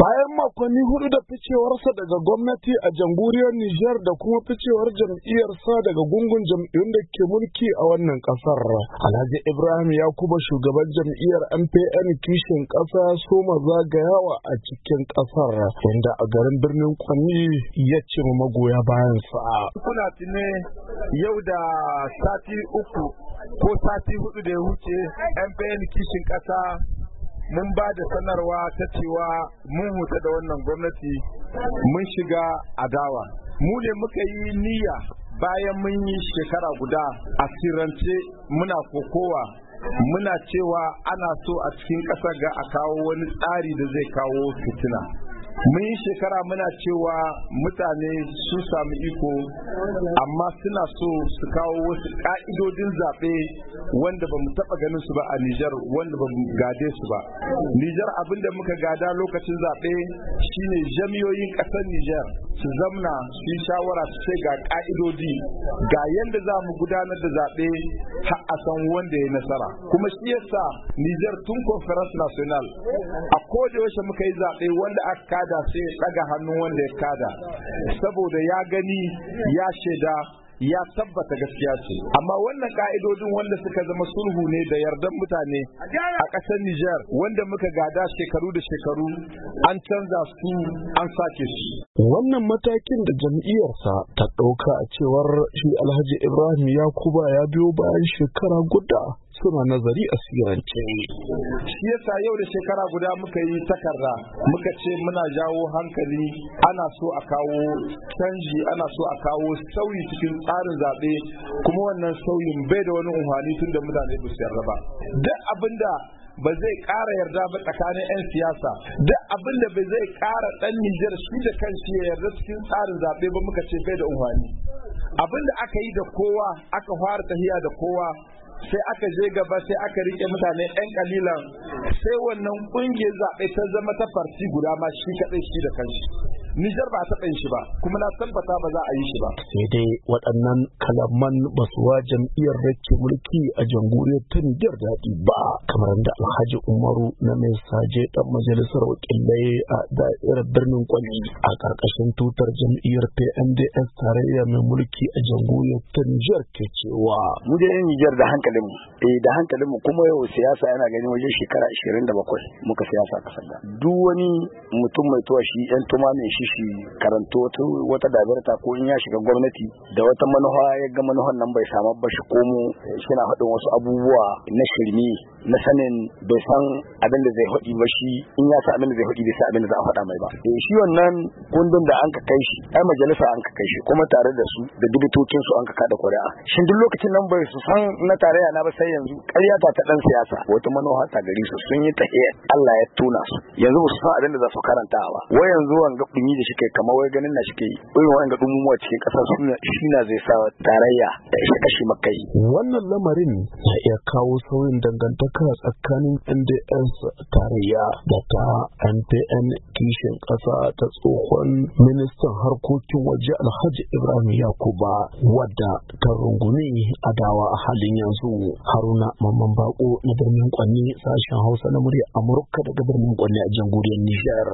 bayan makonni hudu da ficewarsa daga gwamnati a jamhuriyar Nijar da kuma ficewar jam'iyyarsa daga gungun jam'iyyun da ke mulki a wannan kasar. Alhaji Ibrahim ya kuma shugaban jam'iyyar MPN kishin kasa soma zagayawa a cikin kasar wanda a garin birnin kwanni ya ce magoya bayansa. Kuna tune yau da sati uku ko sati hudu da ya wuce MPN kishin kasa mun ba da sanarwa ta cewa mun huta da wannan gwamnati mun shiga adawa mu ne muka yi niyya bayan mun yi shekara guda a sirance muna kokowa muna cewa ana so a cikin ƙasa ga a kawo wani tsari da zai kawo fitina mun yi shekara muna cewa mutane sun sami iko amma suna so su kawo wasu ka'idodin zaɓe wanda ba mu taɓa ganin su ba a Nijar wanda ba mu gade su ba. Nijar abinda muka gada lokacin zaɓe shine jami'oyin ƙasar Nijar. su zamna su shawara su ce ga ka'idodi ga yadda za mu gudanar da zaɓe ta a san wanda ya nasara kuma shi yasa Nijar tun conference national a koda yaushe muka yi zaɓe wanda aka kada sai ya ɗaga hannun wanda ya kada saboda ya gani ya shaida ya tabbata gaskiya ce amma wannan ka'idodin wanda suka zama sulhu ne da yardan mutane a ƙasar Nijar wanda muka gada shekaru da shekaru an canza su an sake su wannan matakin da jam'iyyarsa ta ɗauka a cewar shi Alhaji Ibrahim Yakuba ya biyo bayan shekara guda suna nazari a sirance shi yasa yau da shekara guda muka yi takarda muka ce muna jawo hankali ana so a kawo canji ana so a kawo sauyi cikin tsarin zaɓe kuma wannan sauyin bai da wani umarni tun da mutane ba su yarda ba duk abinda ba zai ƙara yarda ba tsakanin 'yan siyasa duk abin da ba zai ƙara ɗan Nijar shi da shi ya yarda cikin tsarin zaɓe ba muka ce bai da umarni abin da aka yi da kowa aka fara tahiya da kowa sai aka je gaba sai aka rike mutane yan kalilan sai wannan kungiyar zaɓe ta zama ta farti guda ma shi kaɗai shi da kanshi Nijar ba a taɓa shi ba kuma na tabbata ba za a yi shi ba. Sai dai waɗannan kalaman ba su wa jam'iyyar rake mulki a jamhuriyar ta Nijar daɗi ba kamar da Alhaji Umaru na mai saje ɗan majalisar wakilai a da'irar birnin Kwali a ƙarƙashin tutar jam'iyyar PNDS tarayya mai mulki a jamhuriyar ta Nijar ke cewa. Mu je Nijar da hankalinmu, eh da hankalinmu kuma yau siyasa yana ganin wajen shekara 27 muka siyasa ƙasar da. Duk wani mutum mai tuwa shi 'yan tuma mai shi shi karanto wata wata dabarta ko in ya shiga gwamnati da wata manufa ya ga manufan nan bai samu ba shi komo shi na faɗin wasu abubuwa na shirme na sanin bai san abin da zai haɗi ba shi in ya sa abin da zai haɗi bai sa abin da za a faɗa mai ba eh shi wannan kundin da an ka kai shi ai majalisa an ka kai shi kuma tare da su da dubitocin su an ka kada ƙuri'a shin duk lokacin nan bai su san na tarayya na ba sai yanzu ƙarya ta ta dan siyasa wata manoha ta gari su sun yi tahiya Allah ya tuna su yanzu ba su san abin da za su karanta ba wai yanzu wanga dumi da shike kamar wai ganin na shike irin wanga dumuwa cikin ƙasa shi na zai sa tarayya ta kashe makai wannan lamarin ya kawo sauyin dangantaka Ka tsakanin NDS tarayya da ta NPN kishin ƙasa ta tsohon ministan harkokin waje Alhaji Ibrahim Yakuba wadda ta rungumi adawa a halin yanzu Haruna Mamman Bako na birnin Kwanni sashen Hausa na murya Amurka daga birnin Kwanni a jamhuriyar Niger.